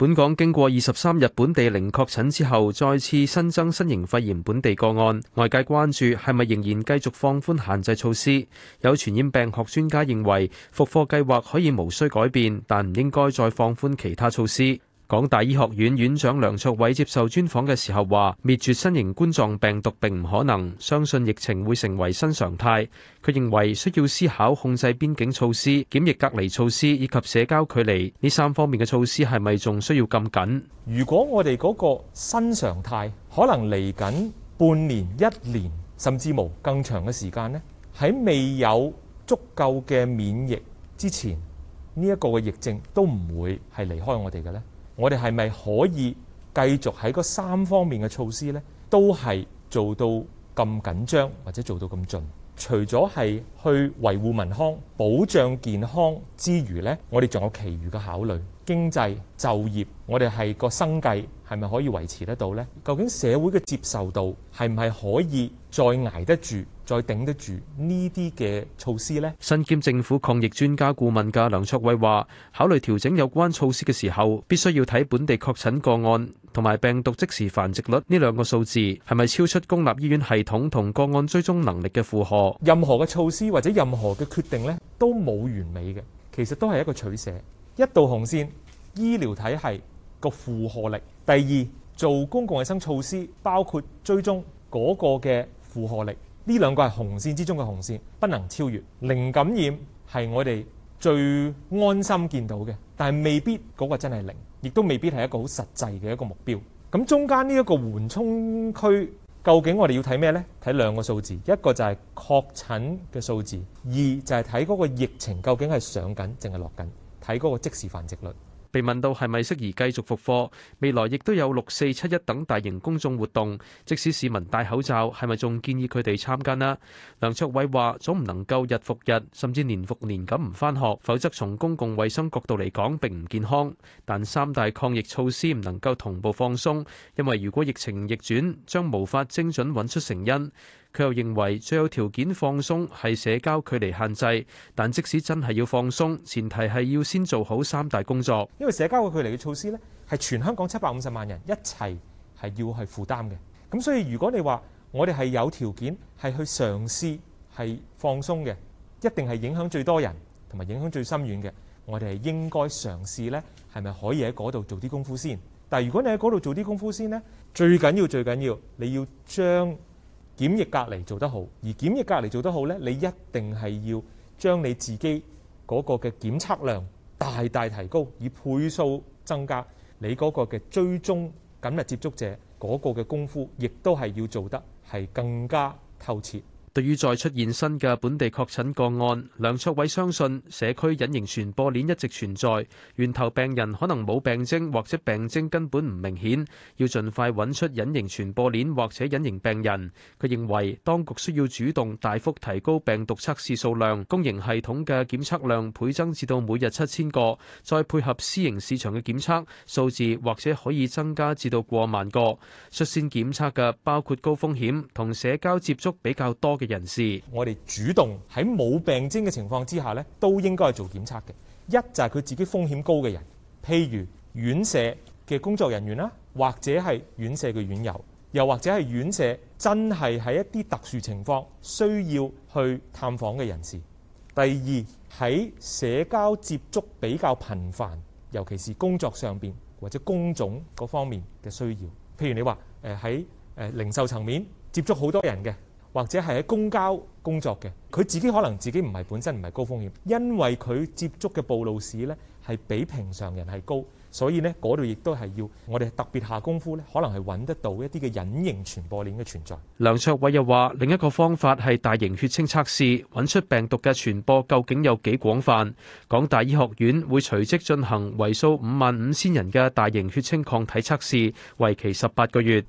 本港經過二十三日本地零確診之後，再次新增新型肺炎本地個案，外界關注係咪仍然繼續放寬限制措施？有傳染病學專家認為，復課計劃可以無需改變，但唔應該再放寬其他措施。港大醫學院院長梁卓偉接受專訪嘅時候話，滅絕新型冠狀病毒並唔可能，相信疫情會成為新常態，佢認為需要思考控制邊境措施、檢疫隔離措施以及社交距離呢三方面嘅措施係咪仲需要咁緊，如果我哋嗰個新常態可能嚟緊半年、一年甚至無更長嘅時間咧，喺未有足夠嘅免疫之前，呢一個嘅疫症都唔會，係離開我哋嘅咧。我哋係咪可以繼續喺嗰三方面嘅措施呢？都係做到咁緊張或者做到咁盡？除咗係去維護民康、保障健康之餘呢，我哋仲有其餘嘅考慮，經濟就業，我哋係個生計係咪可以維持得到呢？究竟社會嘅接受度係唔係可以再捱得住？再頂得住呢啲嘅措施呢？身兼政府抗疫專家顧問嘅梁卓偉話，考慮調整有關措施嘅時候，必須要睇本地確診個案同埋病毒即時繁殖率呢兩個數字係咪超出公立醫院系統同個案追蹤能力嘅負荷。任何嘅措施或者任何嘅決定呢，都冇完美嘅，其實都係一個取捨。一道紅線，醫療體系個負荷力；第二做公共衞生措施，包括追蹤嗰個嘅負荷力。呢兩個係紅線之中嘅紅線，不能超越。零感染係我哋最安心見到嘅，但係未必嗰個真係零，亦都未必係一個好實際嘅一個目標。咁中間呢一個緩衝區，究竟我哋要睇咩呢？睇兩個數字，一個就係確診嘅數字，二就係睇嗰個疫情究竟係上緊定係落緊，睇嗰個即時繁殖率。被問到係咪適宜繼續復課，未來亦都有六四七一等大型公眾活動，即使市民戴口罩，係咪仲建議佢哋參加呢？梁卓偉話：總唔能夠日復日，甚至年復年咁唔返學，否則從公共衛生角度嚟講並唔健康。但三大抗疫措施唔能夠同步放鬆，因為如果疫情逆轉，將無法精準揾出成因。佢又認為最有條件放鬆係社交距離限制，但即使真係要放鬆，前提係要先做好三大工作。因為社交嘅距離嘅措施呢，係全香港七百五十萬人一齊係要去負擔嘅。咁所以如果你話我哋係有條件係去嘗試係放鬆嘅，一定係影響最多人同埋影響最深遠嘅。我哋係應該嘗試呢，係咪可以喺嗰度做啲功夫先？但如果你喺嗰度做啲功夫先呢，最緊要最緊要你要將檢疫隔離做得好，而檢疫隔離做得好呢，你一定係要將你自己嗰個嘅檢測量大大提高，以倍數增加，你嗰個嘅追蹤緊密接觸者嗰個嘅功夫，亦都係要做得係更加透徹。對於再出現新嘅本地確診個案，梁卓偉相信社區隱形傳播鏈一直存在，源頭病人可能冇病徵或者病徵根本唔明顯，要盡快揾出隱形傳播鏈或者隱形病人。佢認為當局需要主動大幅提高病毒測試數量，公營系統嘅檢測量倍增至到每日七千個，再配合私營市場嘅檢測，數字或者可以增加至到過萬個。率先檢測嘅包括高風險同社交接觸比較多嘅人士，我哋主動喺冇病徵嘅情況之下呢，都應該係做檢測嘅。一就係佢自己風險高嘅人，譬如院舍嘅工作人員啦，或者係院舍嘅院友，又或者係院舍真係喺一啲特殊情況需要去探訪嘅人士。第二，喺社交接觸比較頻繁，尤其是工作上邊或者工種嗰方面嘅需要，譬如你話喺零售層面接觸好多人嘅。或者係喺公交工作嘅，佢自己可能自己唔係本身唔係高風險，因為佢接觸嘅暴露史呢係比平常人係高，所以呢嗰度亦都係要我哋特別下功夫呢可能係揾得到一啲嘅隱形傳播鏈嘅存在。梁卓偉又話：另一個方法係大型血清測試，揾出病毒嘅傳播究竟有幾廣泛。港大醫學院會隨即進行為數五萬五千人嘅大型血清抗體測試，為期十八個月。